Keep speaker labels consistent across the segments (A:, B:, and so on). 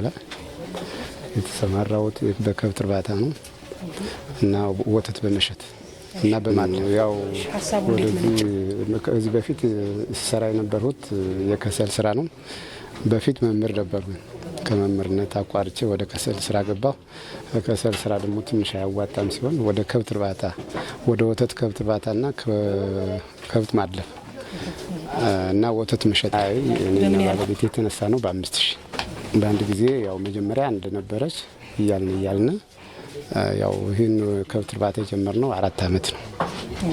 A: ይባላል። የተሰማራሁት በከብት እርባታ ነው እና ወተት በመሸት እና በማድነው ያው ከዚህ በፊት ስራ የነበርሁት የከሰል ስራ ነው። በፊት መምህር ነበርኩኝ። ከመምህርነት አቋርቼ ወደ ከሰል ስራ ገባሁ። ከሰል ስራ ደግሞ ትንሽ አያዋጣም ሲሆን ወደ ከብት እርባታ ወደ ወተት ከብት እርባታና ከብት ማድለፍ እና ወተት መሸጥ እኔና የተነሳ ነው በአምስት ሺህ በአንድ ጊዜ ያው መጀመሪያ እንደነበረች ነበረች እያልን እያልን ያው ይህን ከብት እርባታ የጀመርነው አራት አመት ነው።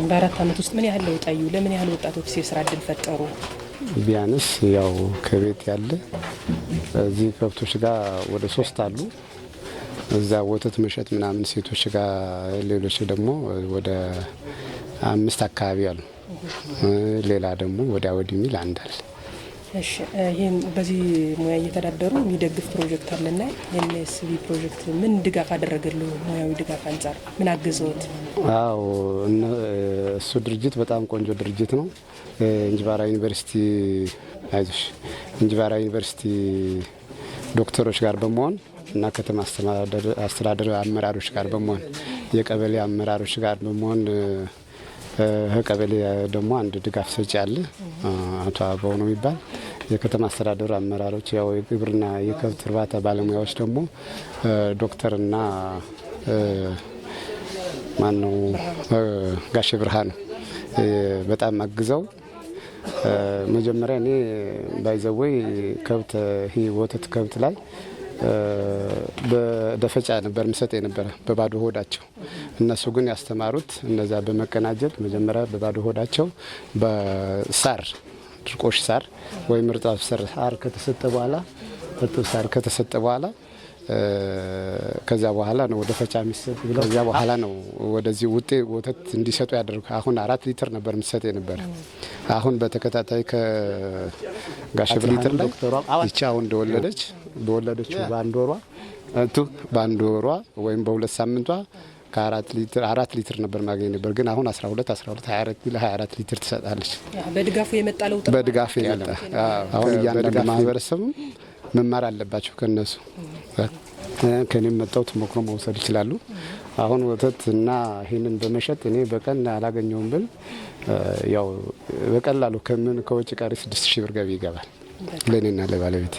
B: በአራት አመት ውስጥ ምን ያህል ለውጥ አዩ? ለምን ያህል ወጣቶች የስራ እድል ፈጠሩ?
A: ቢያንስ ያው ከቤት ያለ እዚህ ከብቶች ጋር ወደ ሶስት አሉ እዛ ወተት መሸጥ ምናምን ሴቶች ጋር ሌሎች ደግሞ ወደ አምስት አካባቢ አሉ። ሌላ ደግሞ ወዲያ ወዲህ ሚል አንዳል
B: ይህም በዚህ ሙያ እየተዳደሩ የሚደግፍ ፕሮጀክት አለና የኤንኤስቢ ፕሮጀክት ምን ድጋፍ አደረገሉ? ሙያዊ ድጋፍ አንጻር ምን አገዘዎት?
A: አዎ እሱ ድርጅት በጣም ቆንጆ ድርጅት ነው። እንጅባራ ዩኒቨርሲቲ አይዞሽ እንጅባራ ዩኒቨርሲቲ ዶክተሮች ጋር በመሆን እና ከተማ አስተዳደር አመራሮች ጋር በመሆን የቀበሌ አመራሮች ጋር በመሆን ቀበሌ ደግሞ አንድ ድጋፍ ሰጪ አለ፣ አቶ አበው ነው የሚባል የከተማ አስተዳደሩ አመራሮች፣ ያው የግብርና የከብት እርባታ ባለሙያዎች ደግሞ ዶክተርና ማነው ጋሽ ብርሃን በጣም አግዘው መጀመሪያ እኔ ባይዘወይ ከብት ወተት ከብት ላይ በደፈጫ ነበር ምሰጥ የነበረ በባዶ ሆዳቸው። እነሱ ግን ያስተማሩት እነዛ በመቀናጀት መጀመሪያ በባዶ ሆዳቸው በሳር ድርቆሽ ሳር ወይም እርጣፍ
B: ሳር ከተሰጠ በኋላ
A: እርጥብ ሳር ከተሰጠ በኋላ ከዚያ በኋላ ነው ወደ ፈጫ የሚሰጥ ብለው ከዚያ በኋላ ነው ወደዚህ ውጤ ወተት እንዲሰጡ ያደርጉ። አሁን አራት ሊትር ነበር የምትሰጥ የነበረ አሁን በተከታታይ ከጋሽብ ሊትር ላይ ይቺ አሁን እንደወለደች በወለደችው በአንድ ወሯ እንቱ በአንድ ወሯ ወይም በሁለት ሳምንቷ ከአራት ሊትር አራት ሊትር ነበር ማገኝ ነበር፣ ግን አሁን 12 12 24 24 ሊትር ትሰጣለች።
B: በድጋፉ የመጣ ለውጥ
A: በድጋፍ የመጣ አሁን እያንዳንዱ ማህበረሰብም መማር አለባቸው ከነሱ ከኔም መጣው ተሞክሮ መውሰድ ይችላሉ። አሁን ወተት እና ይህንን በመሸጥ እኔ በቀን አላገኘውም ብል ያው በቀላሉ ከምን ከውጭ ቀሪ ስድስት ሺህ ብር ገቢ ይገባል። ለእኔና ለባለቤት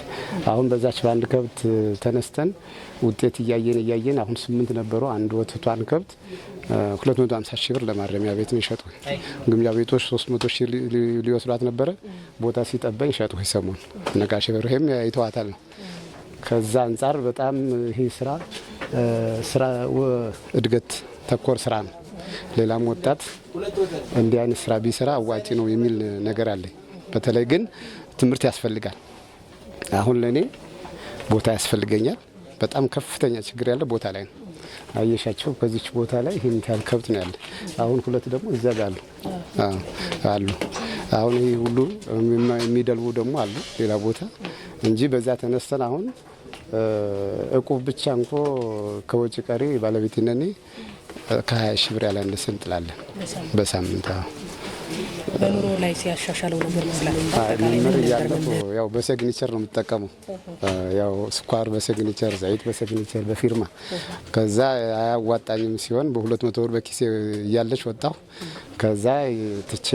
A: አሁን በዛች በአንድ ከብት ተነስተን ውጤት እያየን እያየን አሁን ስምንት ነበሩ። አንድ ወተቷን ከብት 250 ሺህ ብር ለማረሚያ ቤት ነው ይሸጡ። ግምጃ ቤቶች 300 ሺህ ሊወስዷት ነበረ። ቦታ ሲጠበኝ ሸጡ። ሰሞን ነጋሽ ብር ይተዋታል ነው። ከዛ አንጻር በጣም ይሄ ስራ ስራ እድገት ተኮር ስራ ነው። ሌላም ወጣት እንዲህ አይነት ስራ ቢሰራ አዋጭ ነው የሚል ነገር አለኝ። በተለይ ግን ትምህርት ያስፈልጋል። አሁን ለእኔ ቦታ ያስፈልገኛል። በጣም ከፍተኛ ችግር ያለ ቦታ ላይ ነው። አየሻቸው በዚች ቦታ ላይ ይህን ያህል ከብት ነው ያለ። አሁን ሁለት ደግሞ እዚያ ጋር አሉ አሉ። አሁን ይህ ሁሉ የሚደልቡ ደግሞ አሉ ሌላ ቦታ እንጂ በዛ ተነስተን አሁን እቁብ ብቻ እንኮ ከወጪ ቀሪ ባለቤትነኔ ከሀያ ሺህ ብር ያላነሰ እንጥላለን በሳምንት
B: በኑሮ ላይ ሲያሻሻለው ነገር
A: መስላል። መምር ያው በሴግኒቸር ነው የምጠቀመው። ያው ስኳር በሴግኒቸር ዘይት በሴግኒቸር በፊርማ ከዛ አያዋጣኝም ሲሆን በሁለት መቶ ብር በኪሴ እያለች ወጣሁ። ከዛ ትቼ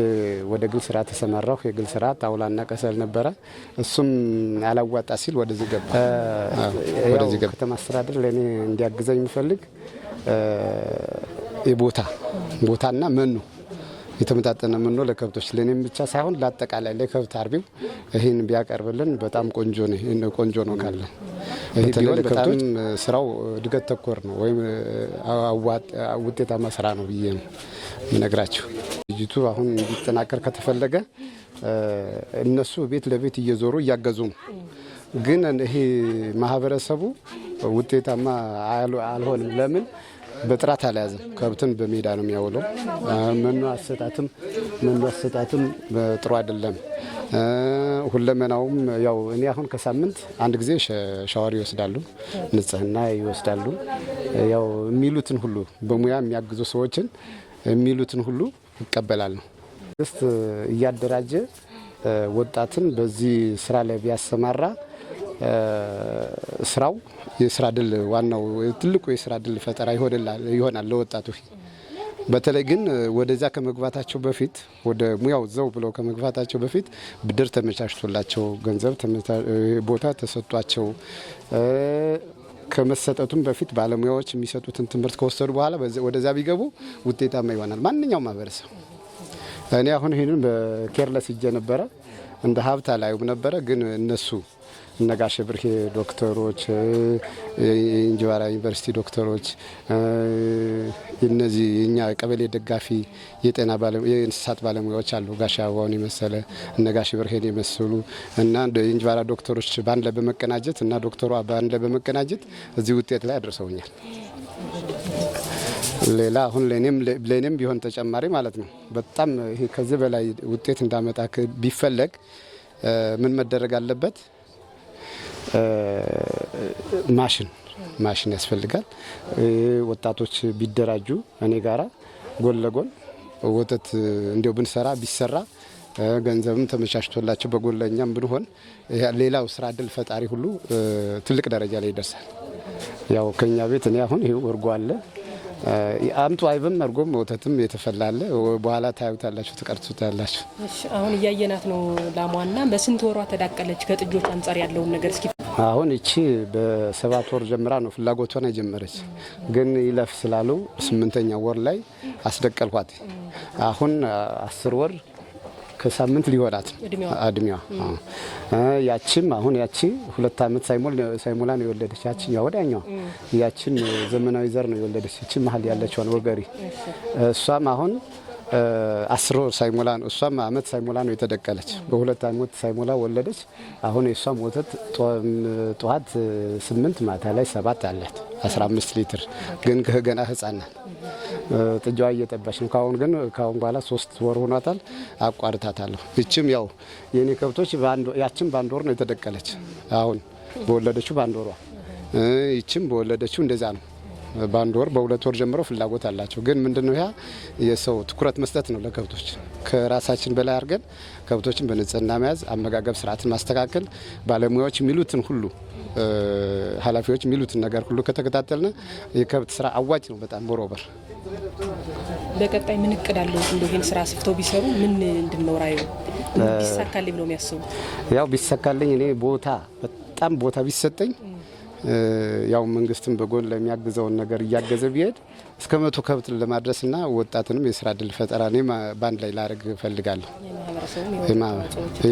A: ወደ ግል ስራ ተሰማራሁ። የግል ስራ ጣውላና ቀሰል ነበረ። እሱም አላዋጣ ሲል ወደዚህ ገባ። ወደዚህ ከተማ አስተዳደር ለእኔ እንዲያግዘኝ የሚፈልግ የቦታ ቦታና መኖ የተመጣጠነ መኖ ለከብቶች ለእኔም ብቻ ሳይሆን ለአጠቃላይ ለከብት አርቢው ይህን ቢያቀርብልን በጣም ቆንጆ ነው ቆንጆ ነው ካለ በተለይ በጣም ስራው እድገት ተኮር ነው ወይም ውጤታማ ስራ ነው ብዬ ነው የምነግራቸው። ልጅቱ አሁን እንዲጠናከር ከተፈለገ እነሱ ቤት ለቤት እየዞሩ እያገዙ ነው። ግን ይሄ ማህበረሰቡ ውጤታማ አልሆንም ለምን በጥራት አልያዝም። ከብትን በሜዳ ነው የሚያውለው። መኖ አሰጣትም መኖ አሰጣትም ጥሩ አይደለም። ሁለመናውም ያው እኔ አሁን ከሳምንት አንድ ጊዜ ሻወር ይወስዳሉ፣ ንጽህና ይወስዳሉ። ያው የሚሉትን ሁሉ በሙያ የሚያግዙ ሰዎችን የሚሉትን ሁሉ ነው ስ እያደራጀ ወጣትን በዚህ ስራ ላይ ቢያሰማራ ስራው የስራ ድል ዋናው ትልቁ የስራ ድል ፈጠራ ይሆናል ለወጣቱ። በተለይ ግን ወደዚያ ከመግባታቸው በፊት ወደ ሙያው ዘው ብለው ከመግባታቸው በፊት ብድር ተመቻችቶላቸው ገንዘብ ቦታ ተሰጥቷቸው ከመሰጠቱም በፊት ባለሙያዎች የሚሰጡትን ትምህርት ከወሰዱ በኋላ ወደዚያ ቢገቡ ውጤታማ ይሆናል ማንኛውም ማህበረሰብ። እኔ አሁን ይህንን በኬርለስ እጄ ነበረ እንደ ሀብት አላዩም ነበረ ግን እነሱ እነጋሽ ብርሄ ዶክተሮች፣ እንጅባራ ዩኒቨርሲቲ ዶክተሮች፣ እነዚህ እኛ ቀበሌ ደጋፊ የጤና የእንስሳት ባለሙያዎች አሉ። ጋሽ አበባውን የመሰለ እነጋሽ ብርሄን የመሰሉ እና የእንጅባራ ዶክተሮች በአንድ ላይ በመቀናጀት እና ዶክተሯ በአንድ ላይ በመቀናጀት እዚህ ውጤት ላይ አድርሰውኛል። ሌላ አሁን ለእኔም ቢሆን ተጨማሪ ማለት ነው። በጣም ከዚህ በላይ ውጤት እንዳመጣ ቢፈለግ ምን መደረግ አለበት? ማሽን ማሽን ያስፈልጋል። ወጣቶች ቢደራጁ እኔ ጋራ ጎን ለጎን ወተት እንዲው ብንሰራ ቢሰራ ገንዘብም ተመቻችቶላቸው በጎን ለእኛም ብንሆን ሌላው ስራ እድል ፈጣሪ ሁሉ ትልቅ ደረጃ ላይ ይደርሳል። ያው ከኛ ቤት እኔ አሁን ይህ እርጎ አለ አምጡ አይብም እርጎም ወተትም የተፈላለ በኋላ ታዩታላችሁ፣ ትቀርጹታላችሁ።
B: አሁን እያየናት ነው ላሟና በስንት ወሯ ተዳቀለች? ከጥጆች አንጻር ያለውን ነገር እስኪ
A: አሁን እቺ በሰባት ወር ጀምራ ነው ፍላጎት ሆና የጀመረች፣ ግን ይለፍ ስላሉ ስምንተኛ ወር ላይ አስደቀልኳት። አሁን አስር ወር ከሳምንት ሊሆናት እድሜዋ። ያቺም አሁን ያቺ ሁለት ዓመት ሳይሞላ ነው የወለደች። ያችኛ ወዲያኛዋ ያችን ዘመናዊ ዘር ነው የወለደች። እቺ መሀል ያለችዋን ወገሪ እሷም አሁን አስር ወር ሳይሞላ ነው እሷም አመት ሳይሞላ ነው የተደቀለች። በሁለት አመት ሳይሞላ ወለደች። አሁን የእሷም ወተት ጠዋት ስምንት ማታ ላይ ሰባት አላት 15 ሊትር ግን ገና ህጻን ናት። ጥጃዋ እየጠባች ነው። ካሁን ግን ካሁን በኋላ ሶስት ወር ሆኗታል። አቋርታታለሁ። ይችም ያው የኔ ከብቶች ያችን በአንድ ወር ነው የተደቀለች። አሁን በወለደችው በአንድ ወሯ ይችም በወለደችው እንደዛ ነው በአንድ ወር በሁለት ወር ጀምረው ፍላጎት አላቸው። ግን ምንድነው ያ የሰው ትኩረት መስጠት ነው ለከብቶች ከራሳችን በላይ አድርገን ከብቶችን በንጽህና መያዝ፣ አመጋገብ ስርዓትን ማስተካከል፣ ባለሙያዎች የሚሉትን ሁሉ ኃላፊዎች የሚሉትን ነገር ሁሉ ከተከታተልን የከብት ስራ አዋጭ ነው በጣም ሞሮበር
B: በቀጣይ ምን እቅድ አለው? እንደው ይህን ስራ ስፍተው ቢሰሩ ምን እንድነው ራዩ ቢሳካልኝ ብለው የሚያስቡት?
A: ያው ቢሳካልኝ እኔ ቦታ በጣም ቦታ ቢሰጠኝ ያው መንግስትም በጎን ለሚያግዘውን ነገር እያገዘ ቢሄድ እስከ መቶ ከብት ለማድረስና ወጣትንም የስራ እድል ፈጠራ እኔ በአንድ ላይ ላደርግ እፈልጋለሁ።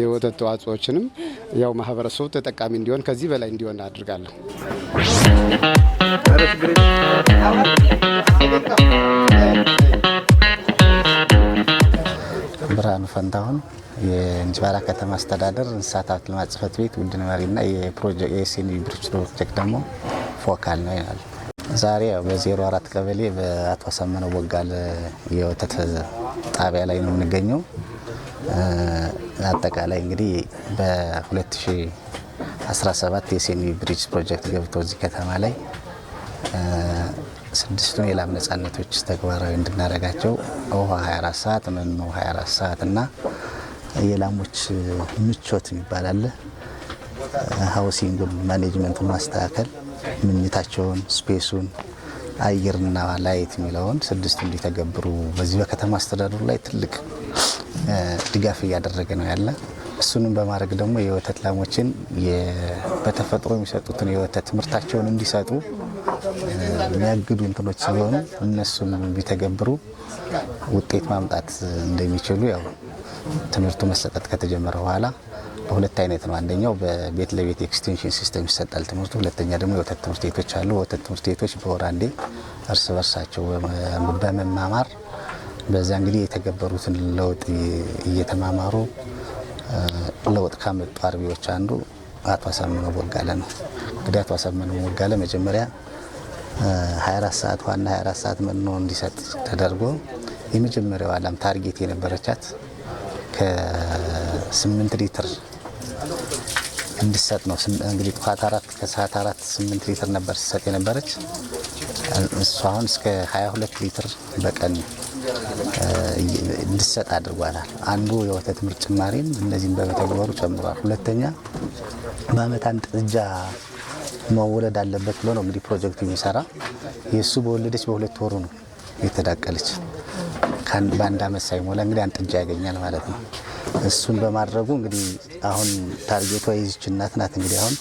A: የወተት ተዋጽኦችንም ያው ማህበረሰቡ ተጠቃሚ እንዲሆን ከዚህ በላይ እንዲሆን አድርጋለሁ። Thank you. ብርሃኑ ፈንታሁን የእንጅባራ ከተማ አስተዳደር እንስሳት ሀብት ልማት ጽህፈት ቤት ቡድን መሪና የኤስኒ ፕሮጀክት ደግሞ ፎካል ነው ይላል። ዛሬ በ04 ቀበሌ በአቶ ሰመነው ቦጋለ የወተት ጣቢያ ላይ ነው የምንገኘው። አጠቃላይ እንግዲህ በ2017 የሲኒ ብሪጅ ፕሮጀክት ገብቶ እዚህ ከተማ ላይ ስድስቱን የላም ነጻነቶች ተግባራዊ እንድናደርጋቸው ውሃ 24 ሰዓት መኖ 24 ሰዓት እና የላሞች ምቾት ይባላል። ሀውሲንግ ማኔጅመንቱን ማስተካከል ምኝታቸውን፣ ስፔሱን፣ አየርና ላይት የሚለውን ስድስቱ እንዲተገብሩ በዚህ በከተማ አስተዳደሩ ላይ ትልቅ ድጋፍ እያደረገ ነው ያለ። እሱንም በማድረግ ደግሞ የወተት ላሞችን በተፈጥሮ የሚሰጡትን የወተት ምርታቸውን እንዲሰጡ የሚያግዱ እንትኖች ስለሆኑ እነሱን ቢተገብሩ ውጤት ማምጣት እንደሚችሉ ያው ትምህርቱ መሰጠት ከተጀመረ በኋላ በሁለት አይነት ነው። አንደኛው በቤት ለቤት ኤክስቴንሽን ሲስተም ይሰጣል ትምህርቱ። ሁለተኛ ደግሞ የወተት ትምህርት ቤቶች አሉ። ወተት ትምህርት ቤቶች በወር አንዴ እርስ በርሳቸው በመማማር በዛ እንግዲህ የተገበሩትን ለውጥ እየተማማሩ ለውጥ ካመጡ አርቢዎች አንዱ አቶ አሳምነው ቦጋለ ነው። እንግዲህ አቶ አሳምነው ቦጋለ መጀመሪያ 24 ሰዓት ዋና 24 ሰዓት መኖ እንዲሰጥ ተደርጎ የመጀመሪያው ዓላም ታርጌት የነበረቻት ከ8 ሊትር እንድሰጥ ነው። እንግዲህ ጠዋት አራት ከሰዓት አራት 8 ሊትር ነበር ሲሰጥ የነበረች እሱ አሁን እስከ 22 ሊትር በቀን እንዲሰጥ አድርጓታል። አንዱ የወተት ምርት ጭማሪም እነዚህም በመተግበሩ ጨምሯል። ሁለተኛ በአመት አንድ ጥጃ መወለድ አለበት ብሎ ነው እንግዲህ ፕሮጀክቱ የሚሰራ። የእሱ በወለደች በሁለት ወሩ ነው የተዳቀለች። በአንድ አመት ሳይሞላ እንግዲህ አንጥጃ ያገኛል ማለት ነው። እሱን በማድረጉ እንግዲህ አሁን ታርጌቷ የዚች እናት ናት። እንግዲህ አሁን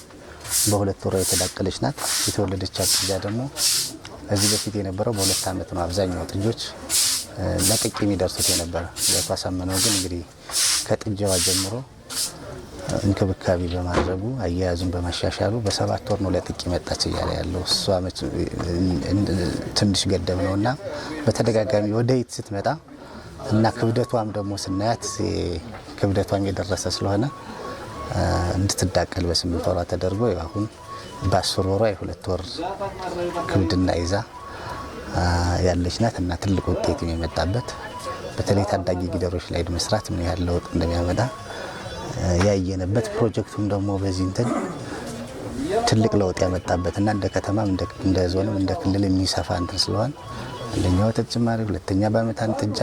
A: በሁለት ወሯ የተዳቀለች ናት። የተወለደች አጥጃ ደግሞ እዚህ በፊት የነበረው በሁለት አመት ነው። አብዛኛው ጥጆች ለቅቄ የሚደርሱት የነበረ ያቷ ግን እንግዲህ ከጥጃዋ ጀምሮ እንክብካቤ በማድረጉ አያያዙን በማሻሻሉ በሰባት ወር ነው ለጥቂ መጣች እያለ ያለው እሷ ትንሽ ገደብ ነው እና በተደጋጋሚ ወደ ይት ስትመጣ እና ክብደቷም ደግሞ ስናያት ክብደቷም የደረሰ ስለሆነ እንድትዳቀል በስምንት ወሯ ተደርጎ አሁን በአስር ወሯ የሁለት ወር ክብድና ይዛ ያለች ናት እና ትልቅ ውጤት የመጣበት በተለይ ታዳጊ ጊደሮች ላይ መስራት ምን ያህል ለውጥ እንደሚያመጣ ያየንበት ፕሮጀክቱም ደግሞ በዚህ እንትን ትልቅ ለውጥ ያመጣበት እና እንደ ከተማም እንደ ዞንም እንደ ክልል የሚሰፋ እንትን ስለሆን አንደኛ ወተት ጭማሪ፣ ሁለተኛ በአመታን ጥጃ፣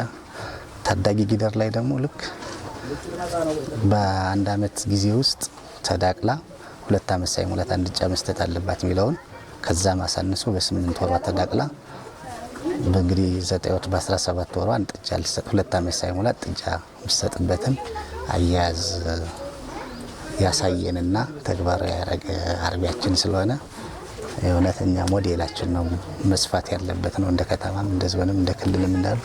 A: ታዳጊ ጊደር ላይ ደግሞ ልክ በአንድ አመት ጊዜ ውስጥ ተዳቅላ ሁለት ዓመት ሳይሞላት ጫ መስጠት አለባት የሚለውን ከዛ ማሳንሶ በስምንት ወሯ ተዳቅላ በእንግዲህ ዘጠኝ ወር በአስራ ሰባት ወሯ አንጥጃ ልሰጥ ሁለት ዓመት ሳይሞላት ጥጃ የምትሰጥበትን አያያዝ ያሳየንና ተግባራዊ ያደረገ አርቢያችን ስለሆነ እውነተኛ ሞዴላችን ነው። መስፋት ያለበት ነው። እንደ ከተማም እንደ ሕዝብንም እንደ ክልልም እንዳሉ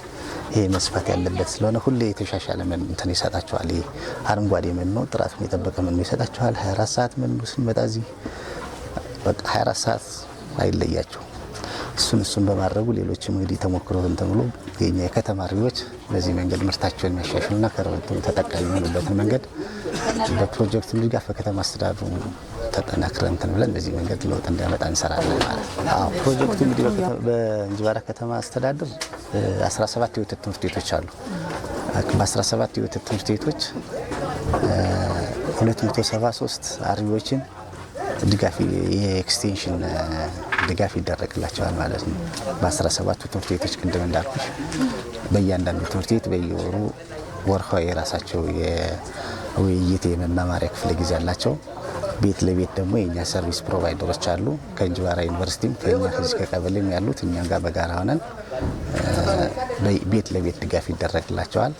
A: ይሄ መስፋት ያለበት ስለሆነ ሁሌ የተሻሻለ እንትን ይሰጣቸዋል። ይሄ አረንጓዴ መኖ ጥራቱን የጠበቀ መኖ ይሰጣቸዋል። 24 ሰዓት መኖ ስንመጣ እዚህ በቃ 24 ሰዓት አይለያቸው እሱን እሱን በማድረጉ ሌሎችም እንግዲህ ተሞክሮን ተብሎ የኛ የከተማ አርቢዎች በዚህ መንገድ ምርታቸውን የሚያሻሽሉና ከረንቱ ተጠቃሚ የሆኑበትን መንገድ በፕሮጀክት ድጋፍ በከተማ አስተዳደሩ ተጠናክረን እንትን ብለን በዚህ መንገድ ለውጥ እንዲያመጣ እንሰራለን ማለት ነው። ፕሮጀክቱ እንግዲህ በእንጅባራ ከተማ አስተዳደር 17 የወተት ትምህርት ቤቶች አሉ። በ17 የወተት ትምህርት ቤቶች 273 አርቢዎችን ድጋፍ የኤክስቴንሽን ድጋፍ ይደረግላቸዋል ማለት ነው። 17 ትምህርት ቤቶች ቅድም እንዳልኩሽ በእያንዳንዱ ትምህርት ቤት በየወሩ ወርሃዊ የራሳቸው የውይይት የመማማሪያ ክፍለ ጊዜ አላቸው። ቤት ለቤት ደግሞ የእኛ ሰርቪስ ፕሮቫይደሮች አሉ። ከእንጅባራ ዩኒቨርሲቲም ከኛ ከዚህ ከቀበሌም ያሉት እኛ ጋር በጋራ ሆነን ቤት ለቤት ድጋፍ ይደረግላቸዋል።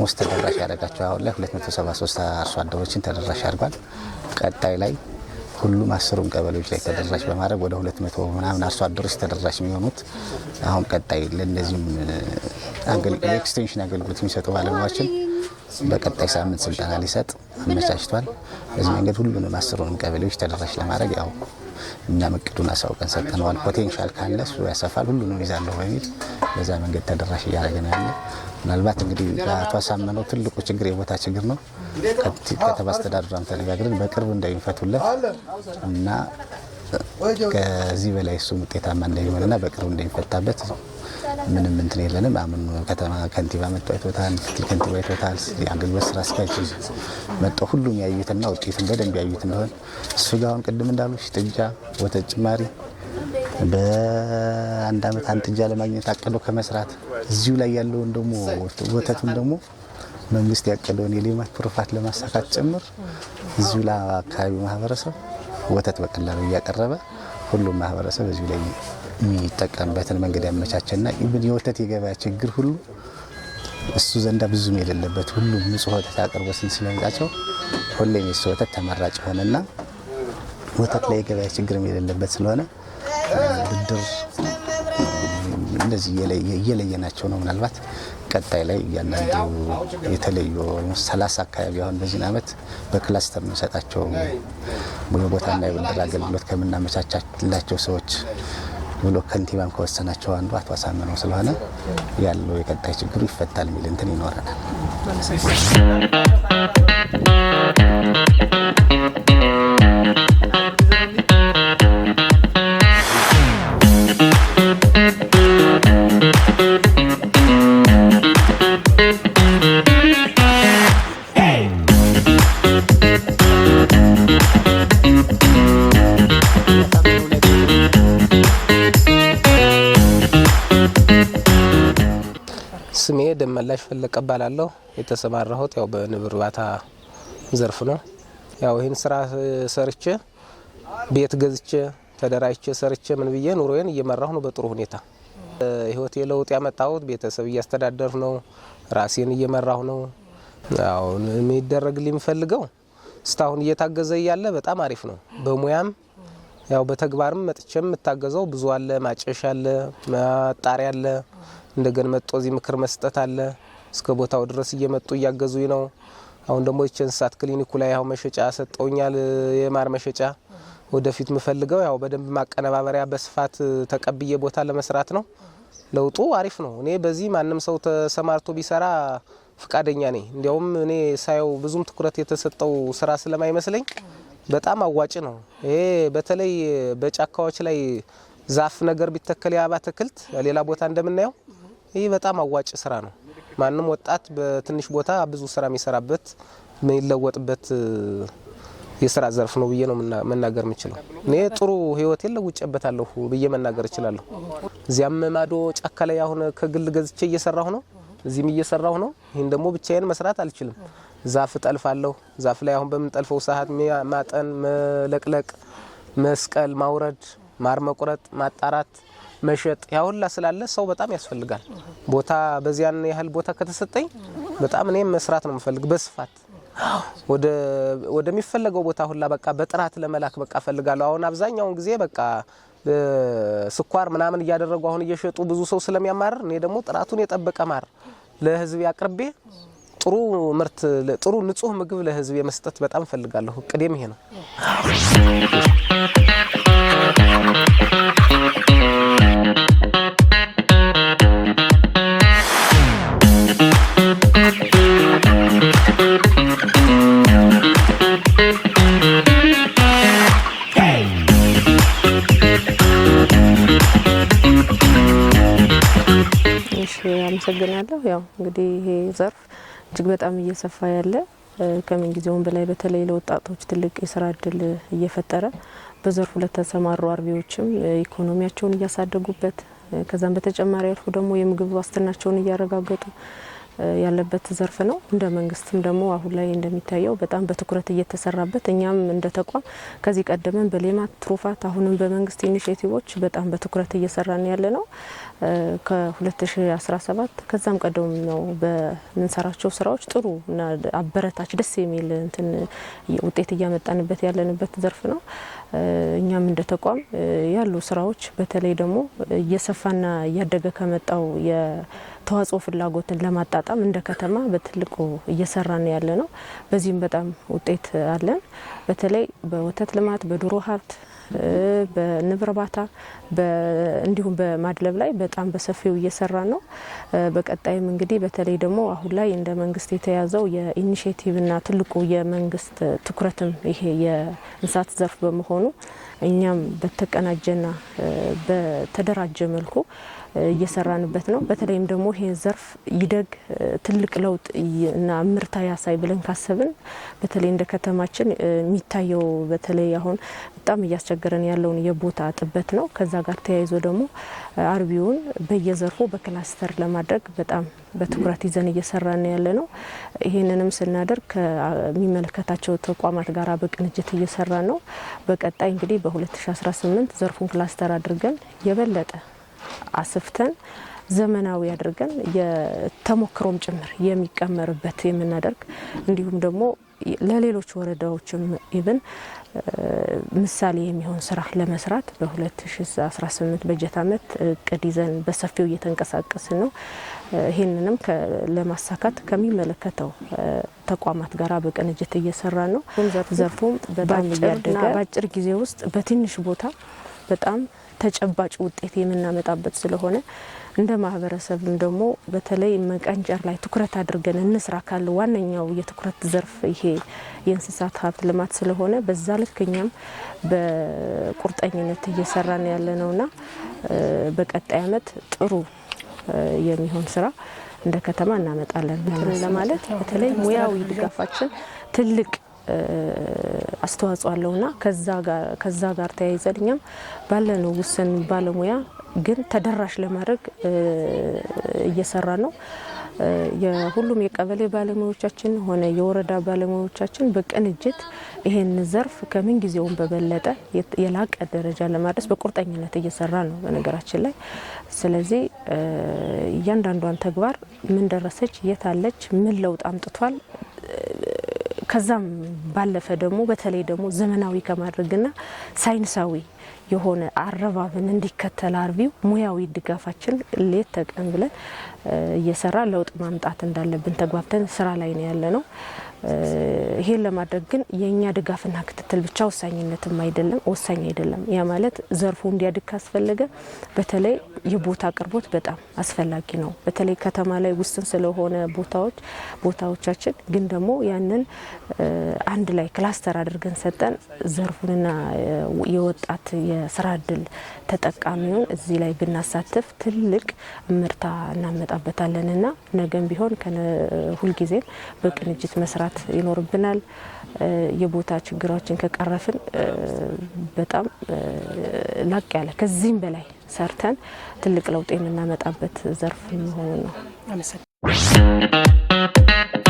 A: ሞስ ተደራሽ ያደረጋቸው አሁን ላይ 273 አርሶ አደሮችን ተደራሽ አድርጓል። ቀጣይ ላይ ሁሉም አስሩም ቀበሌዎች ላይ ተደራሽ በማድረግ ወደ ሁለት መቶ ምናምን አርሶ አደሮች ተደራሽ የሚሆኑት አሁን ቀጣይ ለእነዚህም ኤክስቴንሽን አገልግሎት የሚሰጡ ባለሙያዎችን በቀጣይ ሳምንት ስልጠና ሊሰጥ አመቻችቷል። በዚህ መንገድ ሁሉንም አስሩንም ቀበሌዎች ተደራሽ ለማድረግ ያው እኛም እቅዱን አሳውቀን ሰጥተነዋል። ፖቴንሻል ካለ እሱ ያሰፋል፣ ሁሉንም ይዛለሁ በሚል በዛ መንገድ ተደራሽ እያደረገ ነው ያለ። ምናልባት እንግዲህ አቶ አሳመነው ትልቁ ችግር የቦታ ችግር ነው። ከተማ አስተዳደሯም ተነጋግረን በቅርብ እንደሚፈቱለት እና ከዚህ በላይ እሱም ውጤታማ እንደሚሆንና በቅርብ እንደሚፈታበት ምንም እንትን የለንም። አምኑ ከተማ ከንቲባ መጥቶ አይቶታል፣ ምክትል ከንቲባ አይቶታል፣ የአገልግሎት ስራ አስኪያጅ መጥቶ ሁሉም ያዩትና ውጤትን በደንብ ያዩት እንደሆን እሱ ጋር አሁን ቅድም እንዳሉ ሽጥጃ ወተት ጭማሪ በአንድ አመት አንድ ጥጃ ለማግኘት አቅዶ ከመስራት እዚሁ ላይ ያለውን ደግሞ ወተቱን ደግሞ መንግስት ያቀደውን የሌማት ትሩፋት ለማሳካት ጭምር እዚሁ ለአካባቢው ማህበረሰብ ወተት በቀላሉ እያቀረበ ሁሉም ማህበረሰብ እዚሁ ላይ የሚጠቀምበትን መንገድ ያመቻቸና ኢቭን የወተት የገበያ ችግር ሁሉ እሱ ዘንዳ ብዙም የሌለበት ሁሉም ንጹህ ወተት አቅርቦትን ስለሚጣቸው ሁሌም የሱ ወተት ተመራጭ የሆነና ወተት ላይ የገበያ ችግርም የሌለበት ስለሆነ ብድር እንደዚህ እየለየናቸው ነው። ምናልባት ቀጣይ ላይ እያንዳንዱ የተለዩ ሰላሳ አካባቢ አሁን በዚህን ዓመት በክላስተር የምንሰጣቸው የቦታና የብድር አገልግሎት ከምናመቻቻላቸው ሰዎች ብሎ ከንቲባም ከወሰናቸው አንዱ አቶ አሳምነው ስለሆነ ያለው የቀጣይ ችግሩ ይፈታል የሚል እንትን ይኖረናል። መላሽ ፈለቀ እባላለሁ። የተሰማራሁት ያው በንብ እርባታ ዘርፍ ነው። ያው ይህን ስራ ሰርቼ ቤት ገዝቼ ተደራጅቼ ሰርቼ ምን ብዬ ኑሮዬን እየመራሁ ነው በጥሩ ሁኔታ። ህይወት ለውጥ ያመጣሁት ቤተሰብ እያስተዳደርሁ ነው፣ ራሴን እየመራሁ ነው። አሁን የሚደረግ ሊምፈልገው እስታሁን እየታገዘ እያለ በጣም አሪፍ ነው። በሙያም ያው በተግባርም መጥቼ የምታገዘው ብዙ አለ። ማጨሻ አለ፣ ማጣሪያ አለ እንደገን መጦ እዚህ ምክር መስጠት አለ። እስከ ቦታው ድረስ እየመጡ እያገዙኝ ነው። አሁን ደግሞ ይቺ እንስሳት ክሊኒኩ ላይ ያው መሸጫ ሰጠውኛል፣ የማር መሸጫ። ወደፊት ምፈልገው ያው በደንብ ማቀነባበሪያ በስፋት ተቀብዬ ቦታ ለመስራት ነው። ለውጡ አሪፍ ነው። እኔ በዚህ ማንም ሰው ተሰማርቶ ቢሰራ ፍቃደኛ ነኝ። እንዲያውም እኔ ሳየው ብዙም ትኩረት የተሰጠው ስራ ስለማይመስለኝ በጣም አዋጭ ነው። ይሄ በተለይ በጫካዎች ላይ ዛፍ ነገር ቢተከል የአበባ አትክልት ሌላ ቦታ እንደምናየው ይህ በጣም አዋጭ ስራ ነው። ማንም ወጣት በትንሽ ቦታ ብዙ ስራ የሚሰራበት የሚለወጥበት የስራ ዘርፍ ነው ብዬ ነው መናገር የምችለው። እኔ ጥሩ ህይወት ለውጬበታለሁ ብዬ መናገር እችላለሁ። እዚያም ማዶ ጫካ ላይ አሁን ከግል ገዝቼ እየሰራሁ ነው፣ እዚህም እየሰራሁ ነው። ይህን ደግሞ ብቻዬን መስራት አልችልም። ዛፍ ጠልፋለሁ። ዛፍ ላይ አሁን በምንጠልፈው ሰዓት ማጠን፣ መለቅለቅ፣ መስቀል፣ ማውረድ፣ ማር መቁረጥ፣ ማጣራት መሸጥ ያሁላ ስላለ ሰው በጣም ያስፈልጋል። ቦታ በዚያን ያህል ቦታ ከተሰጠኝ በጣም እኔም መስራት ነው የምፈልግ በስፋት ወደሚፈለገው ቦታ ሁላ በቃ በጥራት ለመላክ በቃ ፈልጋለሁ። አሁን አብዛኛውን ጊዜ በቃ ስኳር ምናምን እያደረጉ አሁን እየሸጡ ብዙ ሰው ስለሚያማርር እኔ ደግሞ ጥራቱን የጠበቀ ማር ለህዝብ አቅርቤ ጥሩ ምርት ጥሩ ንጹህ ምግብ ለህዝብ የመስጠት በጣም ፈልጋለሁ። ቅዴም ይሄ ነው።
B: በጣም እየሰፋ ያለ ከምን ጊዜውም በላይ በተለይ ለወጣቶች ትልቅ የስራ እድል እየፈጠረ በዘርፉ ለተሰማሩ አርቢዎችም ኢኮኖሚያቸውን እያሳደጉበት ከዛም በተጨማሪ አልፎ ደግሞ የምግብ ዋስትናቸውን እያረጋገጡ ያለበት ዘርፍ ነው። እንደ መንግስትም ደግሞ አሁን ላይ እንደሚታየው በጣም በትኩረት እየተሰራበት እኛም እንደ ተቋም ከዚህ ቀደመን በሌማት ትሩፋት አሁንም በመንግስት ኢኒሽቲቮች በጣም በትኩረት እየሰራን ያለ ነው። ከ2017 ከዛም ቀደም ነው በምንሰራቸው ስራዎች ጥሩ እና አበረታች ደስ የሚል እንትን ውጤት እያመጣንበት ያለንበት ዘርፍ ነው። እኛም እንደ ተቋም ያሉ ስራዎች በተለይ ደግሞ እየሰፋና እያደገ ከመጣው የተዋጽኦ ፍላጎትን ለማጣጣም እንደ ከተማ በትልቁ እየሰራን ያለ ነው። በዚህም በጣም ውጤት አለን። በተለይ በወተት ልማት፣ በዶሮ ሀብት በንብ እርባታ እንዲሁም በማድለብ ላይ በጣም በሰፊው እየሰራ ነው። በቀጣይም እንግዲህ በተለይ ደግሞ አሁን ላይ እንደ መንግስት የተያዘው የኢኒሽቲቭና ትልቁ የመንግስት ትኩረትም ይሄ የእንስሳት ዘርፍ በመሆኑ እኛም በተቀናጀና በተደራጀ መልኩ እየሰራንበት ነው። በተለይም ደግሞ ይሄ ዘርፍ ይደግ ትልቅ ለውጥ እና ምርታ ያሳይ ብለን ካሰብን በተለይ እንደ ከተማችን የሚታየው በተለይ አሁን በጣም እያስቸገረን ያለውን የቦታ ጥበት ነው። ከዛ ጋር ተያይዞ ደግሞ አርቢውን በየዘርፉ በክላስተር ለማድረግ በጣም በትኩረት ይዘን እየሰራን ያለ ነው። ይህንንም ስናደርግ ከሚመለከታቸው ተቋማት ጋር በቅንጅት እየሰራን ነው። በቀጣይ እንግዲህ በ2018 ዘርፉን ክላስተር አድርገን የበለጠ አስፍተን ዘመናዊ አድርገን የተሞክሮም ጭምር የሚቀመርበት የምናደርግ እንዲሁም ደግሞ ለሌሎች ወረዳዎችም ኢብን ምሳሌ የሚሆን ስራ ለመስራት በ2018 በጀት ዓመት እቅድ ይዘን በሰፊው እየተንቀሳቀስን ነው። ይህንንም ለማሳካት ከሚመለከተው ተቋማት ጋር በቅንጅት እየሰራ ነው። ዘርፉም በጣም እያደገ በአጭር ጊዜ ውስጥ በትንሽ ቦታ በጣም ተጨባጭ ውጤት የምናመጣበት ስለሆነ እንደ ማህበረሰብም ደግሞ በተለይ መቀንጨር ላይ ትኩረት አድርገን እንስራ ካለ ዋነኛው የትኩረት ዘርፍ ይሄ የእንስሳት ሀብት ልማት ስለሆነ በዛ ልክ እኛም በቁርጠኝነት እየሰራን ያለ ነውና በቀጣይ አመት ጥሩ የሚሆን ስራ እንደ ከተማ እናመጣለን ለማለት በተለይ ሙያዊ ድጋፋችን ትልቅ አስተዋጽኦ አለውና ከዛ ጋር ተያይዘን እኛም ባለነው ውስን ባለሙያ ግን ተደራሽ ለማድረግ እየሰራ ነው። የሁሉም የቀበሌ ባለሙያዎቻችን ሆነ የወረዳ ባለሙያዎቻችን በቅንጅት ይሄን ዘርፍ ከምን ጊዜውም በበለጠ የላቀ ደረጃ ለማድረስ በቁርጠኝነት እየሰራ ነው በነገራችን ላይ። ስለዚህ እያንዳንዷን ተግባር ምን ደረሰች፣ የት አለች፣ ምን ለውጥ አምጥቷል ከዛም ባለፈ ደግሞ በተለይ ደግሞ ዘመናዊ ከማድረግና ሳይንሳዊ የሆነ አረባብን እንዲከተል አርቢው ሙያዊ ድጋፋችን ሌት ተቀን ብለን እየሰራ ለውጥ ማምጣት እንዳለብን ተግባብተን ስራ ላይ ነው ያለ ነው። ይሄን ለማድረግ ግን የእኛ ድጋፍና ክትትል ብቻ ወሳኝነትም አይደለም ወሳኝ አይደለም። ያ ማለት ዘርፉ እንዲያድግ ካስፈለገ በተለይ የቦታ አቅርቦት በጣም አስፈላጊ ነው። በተለይ ከተማ ላይ ውስን ስለሆነ ቦታዎች ቦታዎቻችን ግን ደግሞ ያንን አንድ ላይ ክላስተር አድርገን ሰጠን ዘርፉንና የወጣት የስራ እድል ተጠቃሚውን እዚህ ላይ ብናሳትፍ ትልቅ እምርታ እናመጣበታለንና ነገም ቢሆን ሁልጊዜም በቅንጅት መስራት መስራት ይኖርብናል። የቦታ ችግራችን ከቀረፍን በጣም ላቅ ያለ ከዚህም በላይ ሰርተን ትልቅ ለውጥ የምናመጣበት ዘርፍ መሆኑን ነው።